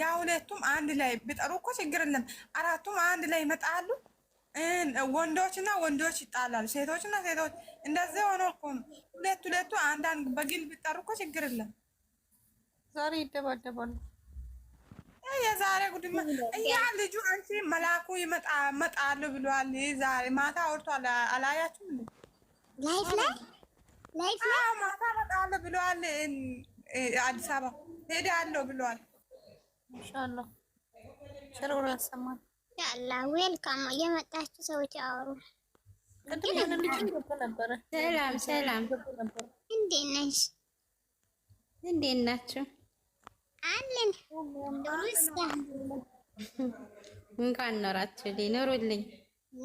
ያ ሁለቱም አንድ ላይ ብጠሩ እኮ ችግር የለም። አራቱም አንድ ላይ ይመጣሉ። ወንዶችና ወንዶች ይጣላሉ፣ ሴቶችና ሴቶች። እንደዚ ሆኖ እኮ ነው። ሁለት ሁለቱ አንዳንድ በግል ብጠሩ እኮ ችግር የለም። ዛሬ ይደባደባሉ። የዛሬ ጉድማ እያ ልጁ አንቺ መላኩ ይመጣሉ ብሏል። ዛሬ ማታ ወርቶ አላያችሁም? ላይፍ ላይፍ ላይ ማታ እመጣለሁ ብሏል። አዲስ አበባ ሄዳለሁ ብሏል። ኢንሻአላህ ሸሩራ ሰማን ያላ ዌልካም የመጣችሁ ሰዎች አወሩ። ሰላም ሰላም፣ እንዴት ነሽ? እንዴት ናችሁ? አለን እንኳን ኖራችሁ ኑሩልኝ፣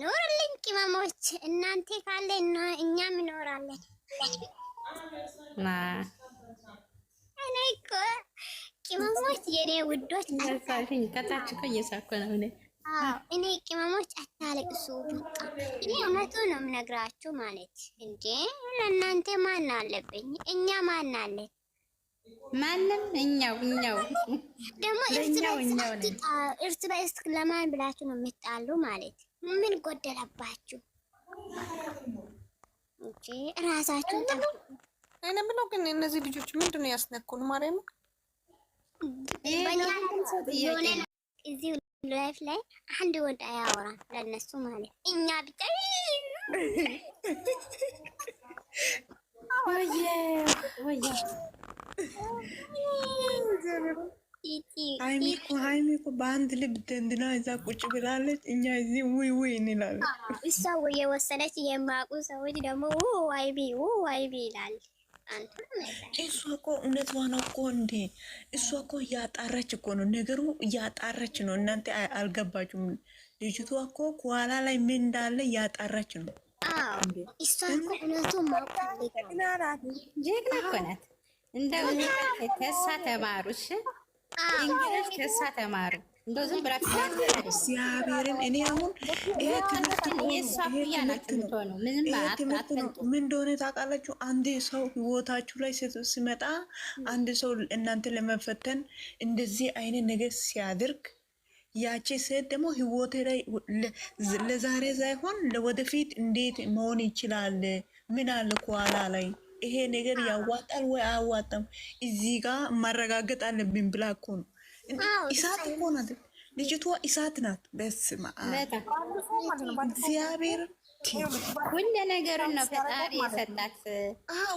ኑሩልኝ ቅመሞች። እናንተ ካለ እኛም እኖራለን። እኔ እኮ ቅመሞች የኔ ውዶች ከታች እኮ እየሳኩ ነው። እኔ ቅመሞች አታለቅሱ። በቃ እኔ እውነቱ ነው የምነግራችሁ። ማለት እንዴ ለእናንተ ማን አለብኝ? እኛ ማን አለን? ማንም እኛው እኛው ደግሞ እርስ በእርስ ለማን ብላችሁ ነው የምጣሉ? ማለት ምን ጎደለባችሁ? እራሳችሁ እኔ የምለው ግን እነዚህ ልጆች ምንድን ነው ያስነኩን? ማርያምን እዚህ ላይፍ ላይ አንድ ወንድ አያወራም፣ ለነሱ ማለት እኛ ብቻ በአንድ ልብ ደንድና እዛ ቁጭ ብላለች። እኛ እዚህ ውይ ውይ እንላለን። እሷ የወሰነች ሰዎች ደግሞ ዋይቢ ዋይቢ ይላል። እሷ እኮ ነው እኮ እንዴ! እሷ እኮ እያጣራች እኮ ነው፣ ነገሩ እያጣራች ነው። እናንተ አልገባችሁም። ልጅቷ እኮ ከኋላ ላይ ምን እንዳለ እያጣራች ነው። ጀግና እኮ ናት። እንደው ከእሷ ተማሩ፣ እሺ፣ ከእሷ ተማሩ። እንደው እግዚአብሔርን እኔ አሁን ይሄ ትምህርት ነው፣ ምን እንደሆነ ታውቃላችሁ? አንድ ሰው ህይወታችሁ ላይ ሲመጣ አንድ ሰው እናንተ ለመፈተን እንደዚህ አይነት ነገር ሲያደርግ ያቺ ሴት ደግሞ ህይወቴ ላይ ለዛሬ ሳይሆን ለወደፊት እንዴት መሆን ይችላል? ምን አለ ከኋላ ላይ ይሄ ነገር ያዋጣል ወይ አያዋጣም? እዚህ ጋር ማረጋገጥ አለብን ብላ እኮ ነው እሳት እኮ ናት ልጅቷ፣ እሳት ናት። በስመ አብ እግዚአብሔር ሁሉ ነገሩን ነው ፈጣሪ የሰጣት።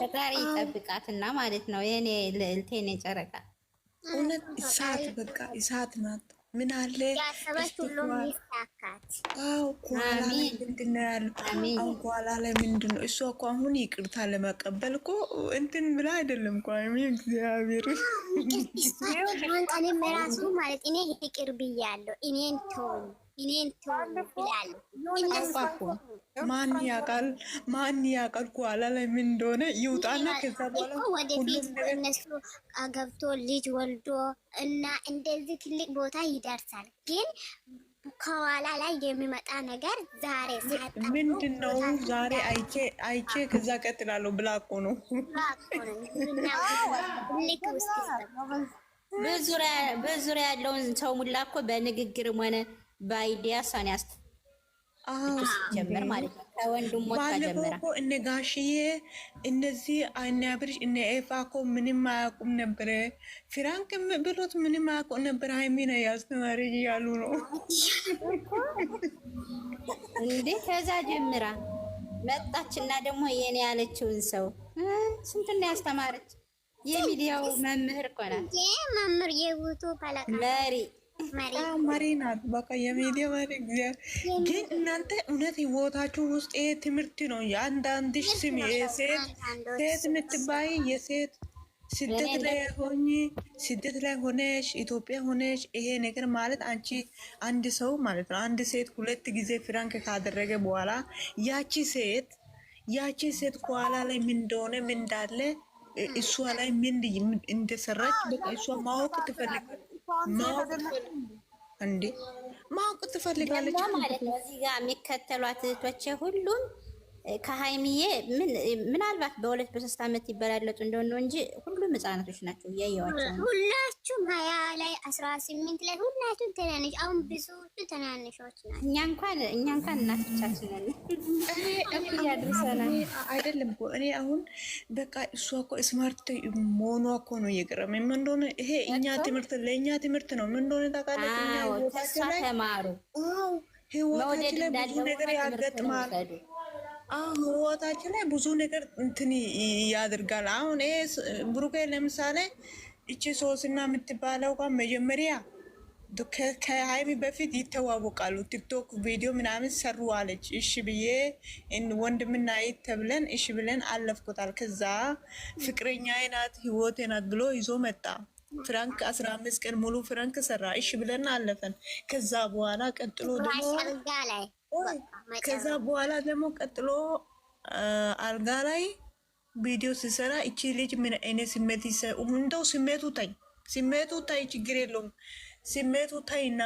ፈጣሪ ይጠብቃትና ማለት ነው። የኔ ልዕልቴ፣ የኔ ጨረቃ እውነት እሳት በቃ እሳት ናት። ምን አለ ኋላ ላይ ምንድን ነው ያልኩት? ኋላ ላይ ምንድን ነው እሷ እኮ አሁን ይቅርታ ለመቀበል እኮ እንትን ብላ አይደለም እኮ ሚ እግዚአብሔር ማለት እኔ ይቅር ብያለሁ እኔን ተወኝ እኔን ማን ያውቃል? ማን ያውቃል? ኋላ ላይ ምን እንደሆነ ይውጣና ከዛ በኋላ ወደፊት እነሱ ገብቶ ልጅ ወልዶ እና እንደዚህ ትልቅ ቦታ ይደርሳል። ግን ከኋላ ላይ የሚመጣ ነገር ዛሬ ምንድን ነው? ዛሬ አይቼ ከዛ ቀጥላለሁ ብላ እኮ ነው በዙሪያ ያለውን ሰው ሙላ እኮ በንግግርም ሆነ በአይዲያ እሷን ያስ ጀምር ማለት ነው። ከወንድሞች ጀምራ እነ ጋሽዬ እነዚህ አናብርሽ እነ ኤፋ እኮ ምንም አያውቁም ነበረ። ፊራንክ ብሎት ምንም አያውቁም ነበረ። ሀይሚና ያስተማሪ እያሉ ነው እንዴ። ከዛ ጀምራ መጣች እና ደግሞ የኔ ያለችውን ሰው ስንትና ያስተማረች የሚዲያው መምህር እኮ ናት። መምህር ባላቃ መሪ መሪ ናት። በቃ የሚዲያ መሪ ግን እናንተ እውነት ህይወታችሁ ውስጥ ይሄ ትምህርት ነው። የአንዳንድሽ ስም ሴት ሴት የምትባይ የሴት ስደት ላይ ሆኝ ስደት ላይ ሆነሽ ኢትዮጵያ ሆነሽ ይሄ ነገር ማለት አንቺ አንድ ሰው ማለት ነው አንድ ሴት ሁለት ጊዜ ፍራንክ ካደረገ በኋላ ያቺ ሴት ያቺ ሴት ከኋላ ላይ ምን እንደሆነ ምን እንዳለ እሷ ላይ ምን እንደሰራች በቃ እሷ ማወቅ ትፈልጋለች። እንዴ ማወቅ ትፈልጋለች ማለት ነው። እዚህ ጋር የሚከተሏት እህቶቼ ሁሉም ከሀይሚዬ ምናልባት በሁለት በሶስት ዓመት ይበላለጡ እንደሆነ እንጂ ሁሉም ህጻናቶች ናቸው እያየዋቸው። ሁላችሁም ሀያ ላይ አስራ ስምንት ላይ ሁላችሁም ትናንሽ፣ አሁን ብዙዎቹ ትናንሾች ናቸው። እኛ እንኳን እኛ እንኳን እናቶቻችንን ያድርሰናል። አይደለም እኮ እኔ አሁን በቃ እሷ እኮ ስማርት መሆኗ እኮ ነው እየገረመኝ። ምን እንደሆነ ይሄ እኛ ትምህርት ለእኛ ትምህርት ነው። ምን እንደሆነ ታውቃለች። እኛ ተማሩ፣ ህይወታችን ላይ ብዙ ነገር ያጋጥማል። አሁን ህይወታችን ላይ ብዙ ነገር እንትን ያደርጋል። አሁን ብሩኬ ለምሳሌ እቺ ሶስና የምትባለው ጋር መጀመሪያ ከሀይሚ በፊት ይተዋወቃሉ። ቲክቶክ ቪዲዮ ምናምን ሰሩ አለች። እሺ ብዬ ወንድምና ይት ተብለን እሺ ብለን አለፍኩታል። ከዛ ፍቅረኛ ናት ህይወቴ ናት ብሎ ይዞ መጣ። ፍራንክ አስራ አምስት ቀን ሙሉ ፍራንክ ሰራ። እሺ ብለን አለፈን። ከዛ በኋላ ቀጥሎ ደግሞ ከዛ በኋላ ደግሞ ቀጥሎ አልጋ ላይ ቪዲዮ ሲሰራ እቺ ልጅ ምን አይነት ስሜት ይሰ- እንደው ስሜቱ ታይ ስሜቱ ታይ ችግር የለውም። ስሜቱ ታይና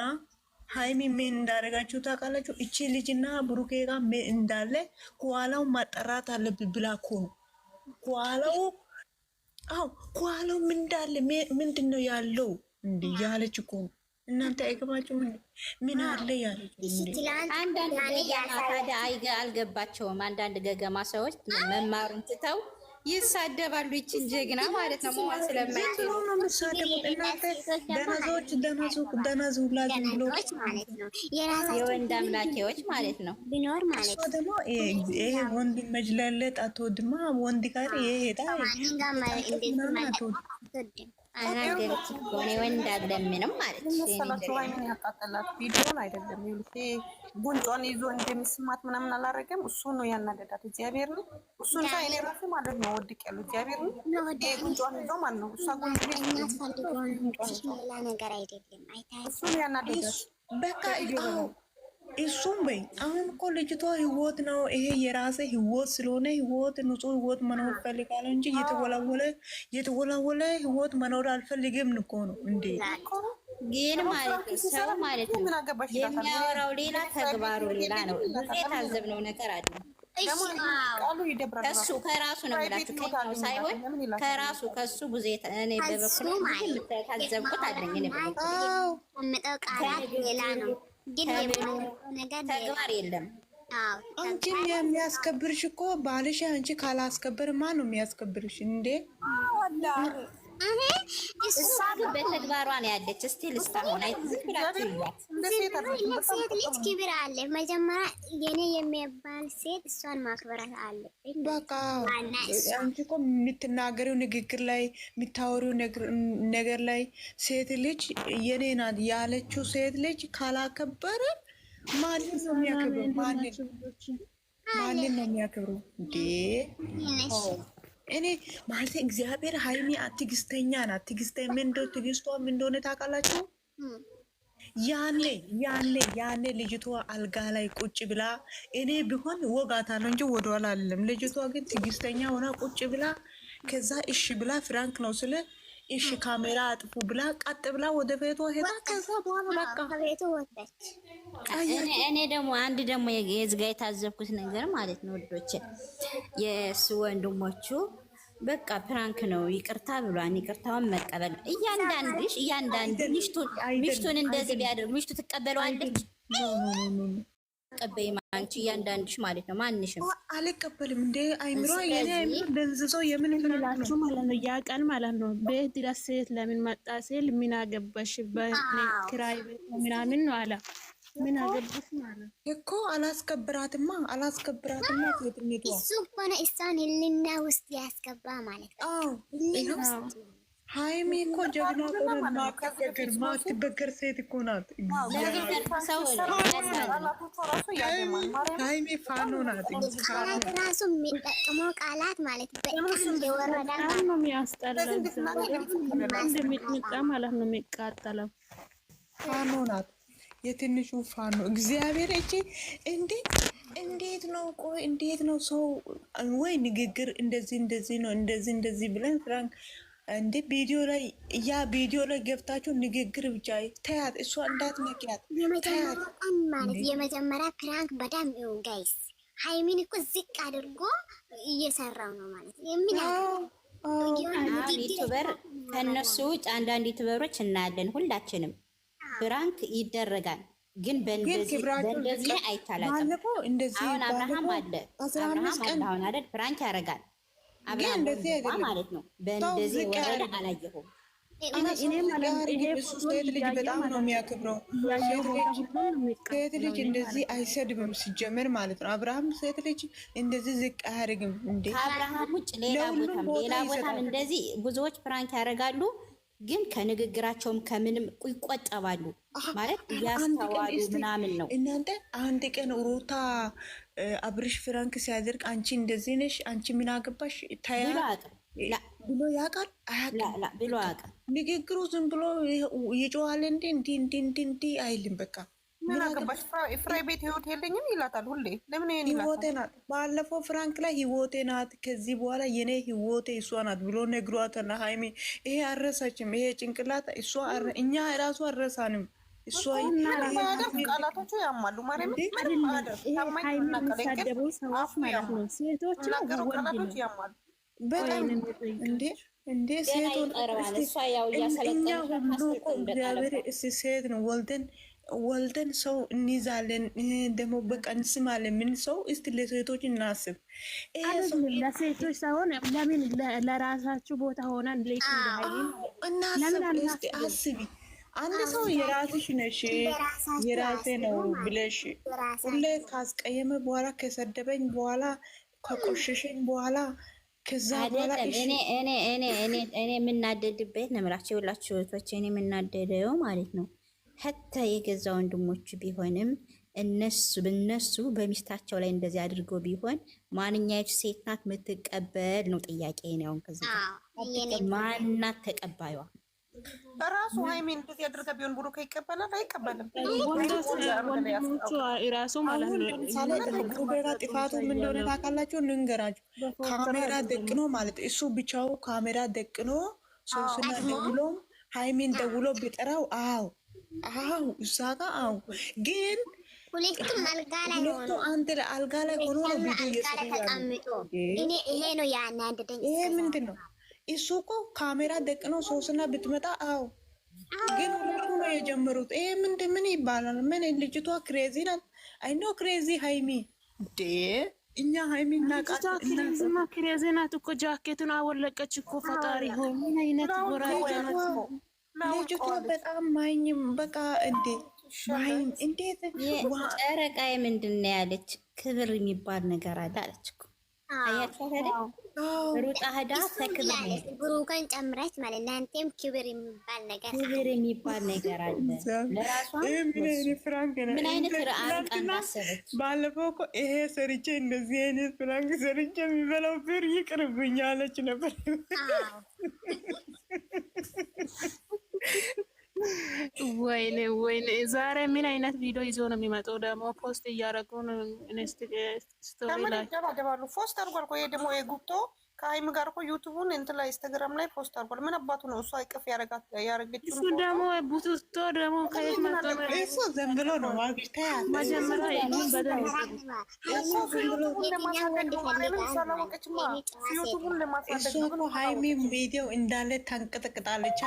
ሀይሚ ምን እንዳደረጋችሁ ታውቃላችሁ? እቺ ልጅና ብሩኬ ጋ ምን እንዳለ ከኋላው ማጠራት አለብ ብላ እኮ ነው። ከኋላው አዎ፣ ከኋላው ምን እንዳለ ምንድን ነው ያለው እንዲ ያለች እኮ ነው እናንተ አይገባችሁም። ምን አለ አይገ አልገባቸውም። አንዳንድ ገገማ ሰዎች መማሩን ትተው ይሳደባሉ። ይችን ጀግና ማለት ነው መሆን ስለማይችሉ ደነዞች ደነዙ የወንድ አምላኪዎች ማለት ነው። ቢኖር ማለት ደግሞ ይሄ ወንድ መጅለለጥ አትወድማ ወንድ ጋር ይሄ ሄዳ አናገረች እኮ ይዞ እንደሚስማት ምናምን አላረገም። እሱ ነው ያናደዳት። እግዚአብሔር ነው እሱን ራሱ ማለት ነው ወድቅ ያሉ እግዚአብሔር ነው ጉንጯን ይዞ ማለት ነው። እሷ ጉንጫ ነገር አይደለም እሱን ያናደዳት በቃ እሱም በይ አሁን እኮ ልጅቷ ህይወት ነው ይሄ የራሰ ህይወት ስለሆነ ህይወት ንጹህ ህይወት መኖር ፈልጋለሁ እንጂ የተወላወለ የተወላወለ ህይወት መኖር አልፈልግም እኮ ነው እንዴ። ግን ማለት ሰው ማለት ነው የሚያወራው ሌላ ተግባሩ ሌላ ነው። ታዘብ ነው ነገር አለ። እሱ ከራሱ ነው ከኛው ሳይሆን ከራሱ ከሱ ብዙ እኔ በበኩል የምታዘብኩት አለኝ። ሌላ ነው ተግባር የለም። አንቺን የሚያስከብርሽ እኮ ባልሽ። አንቺ ካላስከበር ማን ነው የሚያስከብርሽ እንዴ? እሷ ግን በተግባሯ ነው ያለች። እስቲ ልስታሆን ሴት ልጅ ክብር አለ። መጀመሪያ የኔ የሚባል ሴት እሷን ማክበራት አለብኝ። በቃ አንቺ እኮ የምትናገሪው ንግግር ላይ የምታወሪው ነገር ላይ ሴት ልጅ የኔ ናት ያለችው ሴት ልጅ ካላከበረ ማንን ነው የሚያከብሩ? ማንን ነው የሚያከብሩ እኔ ማለት እግዚአብሔር ሀይሚ አትግስተኛ ናት። ትግስተ ምንዶ ትግስቷ ምን እንደሆነ ታውቃላችሁ? ያኔ ያኔ ያኔ ልጅቷ አልጋ ላይ ቁጭ ብላ እኔ ቢሆን ወጋታለሁ እንጂ ወደኋላ አልልም። ልጅቷ ግን ትግስተኛ ሆና ቁጭ ብላ ከዛ እሺ ብላ ፍራንክ ነው ስለ እሺ ካሜራ አጥፉ ብላ ቀጥ ብላ ወደ ቤቷ ሄዳ ከዛ በኋላ በቃ ቤቱ ወጣች። እኔ ደግሞ አንድ ደግሞ የዝጋ የታዘብኩት ነገር ማለት ነው ወዶች የእሱ ወንድሞቹ በቃ ፕራንክ ነው ይቅርታ ብሏን ይቅርታውን መቀበል እያንዳንድሽ እያንዳንድ ሚሽቱን እንደዚህ ቢያደርጉ ሚሽቱ ትቀበለዋለች። ቀበይ አንቺ እያንዳንድሽ ማለት ነው። ማንሽም አልቀበልም እንደ አይምሮ የኔ አይምሮ ደንዝዞ የምን ላችሁ ማለት ነው። ያ ቀን ማለት ነው ቤት ድረስ ሴት ለምን መጣ ሲል ምን አገባሽ በክራይ ምናምን ነው አለ። ምን አገባሽ ማለት እኮ አላስከብራትማ፣ አላስከብራትማ ሴትነቷ እሱ ሆነ እሷን ልና ውስጥ ያስገባ ማለት ነው። ሀይሜ እኮ ጀግና ቆመና ግርማ አትበገር ሴት እኮ ናት። ሀይሚ ፋኖ ናት። ራሱ የሚጠቅመው ቃላት ማለት በጣም ነው። የሚያስጠላው እንደሚጥሚጣ ማለት ነው። የሚቃጠለው ፋኖ ናት። የትንሹ ፋኖ እግዚአብሔር እቺ እንዴ እንዴት ነው ቆይ፣ እንዴት ነው ሰው ወይ ንግግር እንደዚህ እንደዚህ ነው እንደዚህ እንደዚህ ብለን ፍራንክ እንዴ ቪዲዮ ላይ ያ ቪዲዮ ላይ ገብታችሁ ንግግር ብቻ ተያት፣ እሷ እንዳትነኪያት ማለት የመጀመሪያ ፕራንክ በጣም ይሁ ጋይስ። ሀይሚን እኮ ዝቅ አድርጎ እየሰራው ነው ማለት የምን ዩቱበር ከእነሱ ውጭ አንዳንድ ዩቱበሮች እናያለን። ሁላችንም ፕራንክ ይደረጋል፣ ግን በእንደዚህ አይታላቅም። አሁን አብርሃም አለ አብርሃም አለ አሁን አይደል ፕራንክ ያደርጋል ሴት ልጅ እንደዚህ አይሰድብም ሲጀምር ማለት ነው። አብርሃም ሴት ልጅ እንደዚህ ዝቅ አያደርግም። ከአብርሃም ውጭ ሌላ ቦታም ሌላ ቦታም እንደዚህ ብዙዎች ፕራንክ ያደርጋሉ፣ ግን ከንግግራቸውም ከምንም ይቆጠባሉ ማለት እያስተዋሉ ምናምን ነው። እናንተ አንድ ቀን ሩታ አብርሽ ፍራንክ ሲያደርግ አንቺ እንደዚህ ነሽ፣ አንቺ ምን አገባሽ ብሎ ያውቃል ብሎ ያውቃል። ንግግሩ ዝም ብሎ ይጮዋል። እንዲ እንዲ እንዲ እንዲ እንዲ አይልም። በቃ ምን አገባሽ ፍራይ ቤት ህይወት የለኝም ይላታል ሁሌ። ለምን ይሄን ይላታል? ህይወቴ ናት። ባለፈው ፍራንክ ላይ ህይወቴ ናት፣ ከዚህ በኋላ የኔ ህይወቴ እሷ ናት ብሎ ነግሯታል። ሀይሚ ይሄ አረሳችም። ይሄ ጭንቅላት እሷ እኛ ራሱ አረሳንም እሱ እስቲ ሴት ነው ወልደን ወልደን ሰው እንይዛለን ደግሞ በቃ እንስማለን። ምን ሰው እስቲ ለሴቶች እናስብ። ለሴቶች ሳይሆን ለምን ለራሳችሁ ቦታ አስቢ አንድ ሰው የራስሽ ነሽ የራሴ ነው ብለሽ ሁሌ ካስቀየመ በኋላ ከሰደበኝ በኋላ ከቆሸሸኝ በኋላ ከዛ በኋላ እኔ የምናደድበት ነምራቸው የላችሁ እህቶች፣ እኔ የምናደደው ማለት ነው ሀታ የገዛ ወንድሞች ቢሆንም እነሱ በነሱ በሚስታቸው ላይ እንደዚህ አድርገው ቢሆን ማንኛዎች ሴት ናት የምትቀበል ነው ጥያቄ ነው። ከዚ ማናት ተቀባዩዋ? ራሱ ሃይሚ እንደዚህ ያደርጋ ቢሆን ብሩክ ይቀበላል አይቀበልም? ራሱ ማለት ነው። ለምሳሌ ጥፋቱ ምን እንደሆነ ታውቃላችሁ? ልንገራችሁ። ካሜራ ደቅኖ ማለት እሱ ብቻው ካሜራ ደቅኖ ሶስና ደውሎም ሃይሚን ደውሎ ቢጠራው አዎ፣ አዎ እዛ ጋ አዎ። ግን ሁለቱም አልጋ ላይ ሆኖ አልጋ ላይ ሆኖ ቪዲዮ እየሰሩ ያሉ ይሄ ምንድን ነው? እሱ እኮ ካሜራ ደቅኖ ሶስና ብትመጣ አዎ፣ ግን ሁሉ ነው የጀመሩት። ይሄ ምንድ ምን ይባላል? ምን ልጅቷ ክሬዚ ናት። አይኖ ክሬዚ ሃይሚ ዴ እኛ ሃይሚ እናቃትማ። ክሬዚ ናት እኮ ጃኬቱን አወለቀች እኮ። ፈጣሪ ሆይ ምን አይነት ጎራ ልጅቷ በጣም ማኝም በቃ እንዴ ማይም እንዴት ጨረቃዬ ምንድን ነው ያለች? ክብር የሚባል ነገር አለ አለች እኮ ሩጣ ሄዳ እግሩ ጋር ጨምራች ማለት ነው። አንተም ክብር የሚባል ነገር ክብር የሚባል ነገር አለ። ለራሷ ምን አይነት ፍራንክ አሰበች። ባለፈው እኮ ይሄ ሰርቼ እንደዚህ አይነት ፍራንክ ሰርቼ የሚበላው ብር ይቅርብኛለች ነበር ወይኔ ወይኔ፣ ዛሬ ምን አይነት ቪዲዮ ይዞ ነው የሚመጣው? ደግሞ ፖስት እያደረጉ ነው ስቶሪ ላይ ገባ ፖስት አድርጓል። ይሄ ደግሞ የጉብቶ ከሀይም ጋር እኮ ዩቱቡን እንት ላይ ኢንስታግራም ላይ ፖስት አድርጓል። ምን አባቱ ነው እሱ አይቀፍ ያረጋት ያረገችው። እሱ ደግሞ ቡትቶ ደግሞ ከየት መጥቶ እሱ ዝም ብሎ ነው መጀመሪያ ይሁን በደንብ ሀይሚም ቪዲዮ እንዳለ ተንቀጠቅጣለች።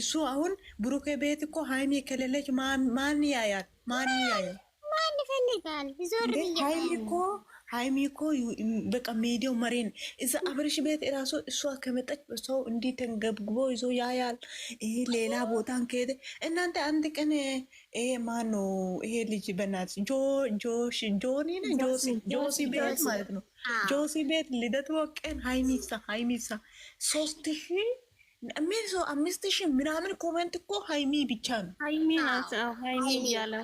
እሱ አሁን ብሩኬ ቤት እኮ ሀይሚ የከለለች ማን ያያል? ማን ያያል? ማን ይፈልጋል? ዞር ብያ ሀይሚ እኮ ሀይሚ እኮ በቃ ሜዲያው መሬን እዛ አብርሽ ቤት ራሱ እሷ ከመጠች ሰው እንዲህ ተንገብግቦ ይዞ ያያል። ይሄ ሌላ ቦታን ከሄደ እናንተ አንድ ቀን ይሄ ማኑ ይሄ ልጅ በናት ጆሽ ጆኒ ጆሲ ቤት ማለት ነው ጆሲ ቤት ልደት ወቀን ሀይሚሳ ሀይሚሳ ሶስት ሺ ምን ሰው አምስት ሺ ምናምን ኮመንት እኮ ሀይሚ ብቻ ነው ሀይሚ ናት ሀይሚ እያለ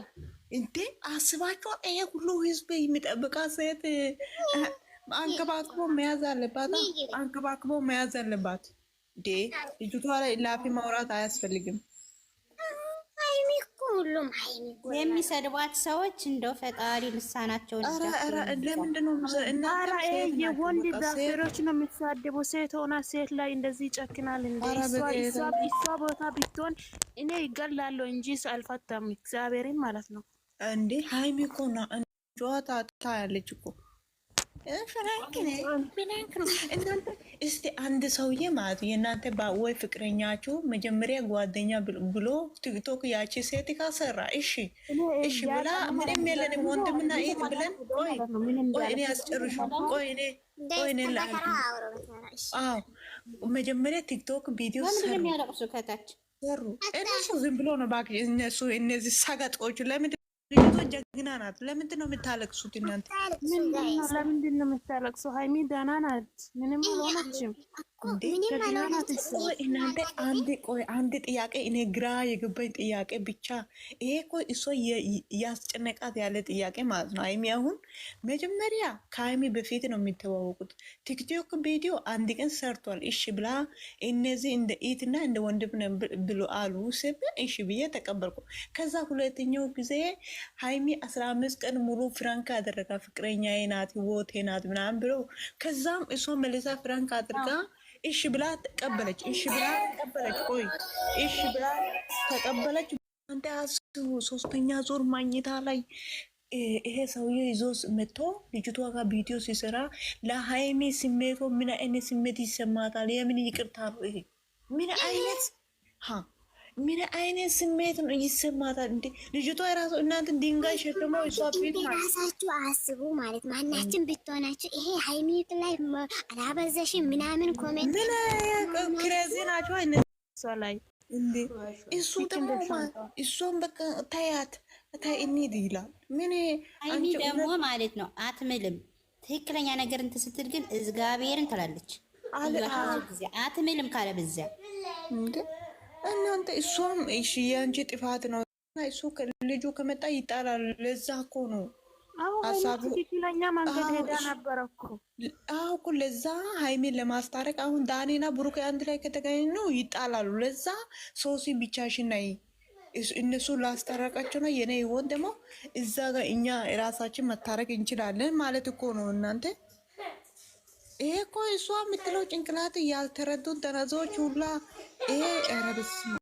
እንዴ አስባችሁ ይሄ ሁሉ ህዝብ የሚጠብቃ ሴት አንከባክቦ መያዝ አለባት። አንከባክቦ መያዝ አለባት። እንዴ ልጅቷ ላይ ላፊ ማውራት አያስፈልግም። ሁሉም የሚሰድባት ሰዎች እንደው ፈጣሪ ልሳናቸውን ለምንድነው? የወንድ ዛፌሮች ነው የምትሳደቡ። ሴት ሆና ሴት ላይ እንደዚህ ይጨክናል። እሷ ቦታ ብትሆን እኔ ይገላለሁ እንጂ አልፈታም። እግዚአብሔርን ማለት ነው እንዴ ሀይሚ እኮ ነው ጨዋታ ጣ ያለች እኮ ፍራንክ ፍራንክ ነው። እናንተ እስቲ አንድ ሰውዬ ማለት የእናንተ ወይ ፍቅረኛችሁ መጀመሪያ ጓደኛ ብሎ ቲክቶክ ያቺ ሴት ካሰራ እሺ እሺ ብላ ምንም የለንም ወንድምና ኢት ብለን ቆይ እኔ አስጨርሹ ቆይ እኔ ቆይ መጀመሪያ ቲክቶክ ቪዲዮ ሰሩ እነሱ ዝም ብሎ ነው እነሱ እነዚህ ሰገጦች ለምንድ ልጅቶ ጀግና ናት። ለምንድን ነው የምታለቅሱት እናንተ? ለምንድን ነው የምታለቅሱ? ሀይሚ ደህና ናት። ምንም አልሆነችም። እናንተ አንድ ቆይ አንድ ጥያቄ እኔ ግራ የገባኝ ጥያቄ ብቻ ይሄ እኮ እሷ ያስጨነቃት ያለ ጥያቄ ማለት ነው። ሀይሚ አሁን መጀመሪያ ከሀይሚ በፊት ነው የሚተዋወቁት። ቲክቶክ ቪዲዮ አንድ ቀን ሰርቷል። እሺ ብላ እነዚህ እንደ ኢትና እንደ ወንድም ብሎ አሉ ስብ እሺ ብዬ ተቀበልኩ። ከዛ ሁለተኛው ጊዜ ሀይሚ አስራ አምስት ቀን ሙሉ ፍራንክ አደረጋ ፍቅረኛ ናት ህይወቴ ናት ምናምን ብሎ ከዛም እሷ መልሳ ፍራንክ አድርጋ እሺ ብላ ተቀበለች። እሺ ብላ ተቀበለች። ቆይ እሺ ብላ ተቀበለች። አንተ አስቡ፣ ሶስተኛ ዞር ማኝታ ላይ ይሄ ሰውዬ ይዞ መጥቶ ልጅቷ ጋር ቪዲዮ ሲሰራ ለሀይሜ ስሜቶ ምን አይነት ስሜት ይሰማታል? የምን ይቅርታ ነው ይሄ? ምን አይነት ምን አይነት ስሜት ነው ይሰማታል? እንደ ልጅቷ የራሱ እናንተ ድንጋይ ሸክሞ እሷ ቤት ራሳችሁ አስቡ ማለት ማናችን ብትሆናችሁ ይሄ ሀይሚት ላይ አላበዘሽ ምናምን ኮሜንት ክሬዚ ናቸው እሷ ላይ እንዴ እሱ ደግሞ እሷን በቃ ታያት ታይ ይላል። ምን ሀይሚ ደግሞ ማለት ነው አትምልም። ትክክለኛ ነገር እንትን ስትል ግን እግዚአብሔርን ትላለች። አትምልም ካለ ብዚያ እናንተ እሷም እሺ የአንቺ ጥፋት ነው። እሱ ልጁ ከመጣ ይጣላል። ለዛ እኮ ነው ሀሳቡ። ነበረ እኮ ለዛ ሀይሜን ለማስታረቅ አሁን ዳኔና ብሩክ አንድ ላይ ከተገኘ ነው ይጣላሉ። ለዛ ሶሲ ብቻሽን ነይ እነሱ ላስታረቃቸው ነው። የኔ ይሆን ደግሞ እዛ ጋር እኛ ራሳችን መታረቅ እንችላለን ማለት እኮ ነው እናንተ ይሄ እኮ እሷ የምትለው ጭንቅላት ያልተረዱን ተናዞች ሁላ ይሄ ረብስ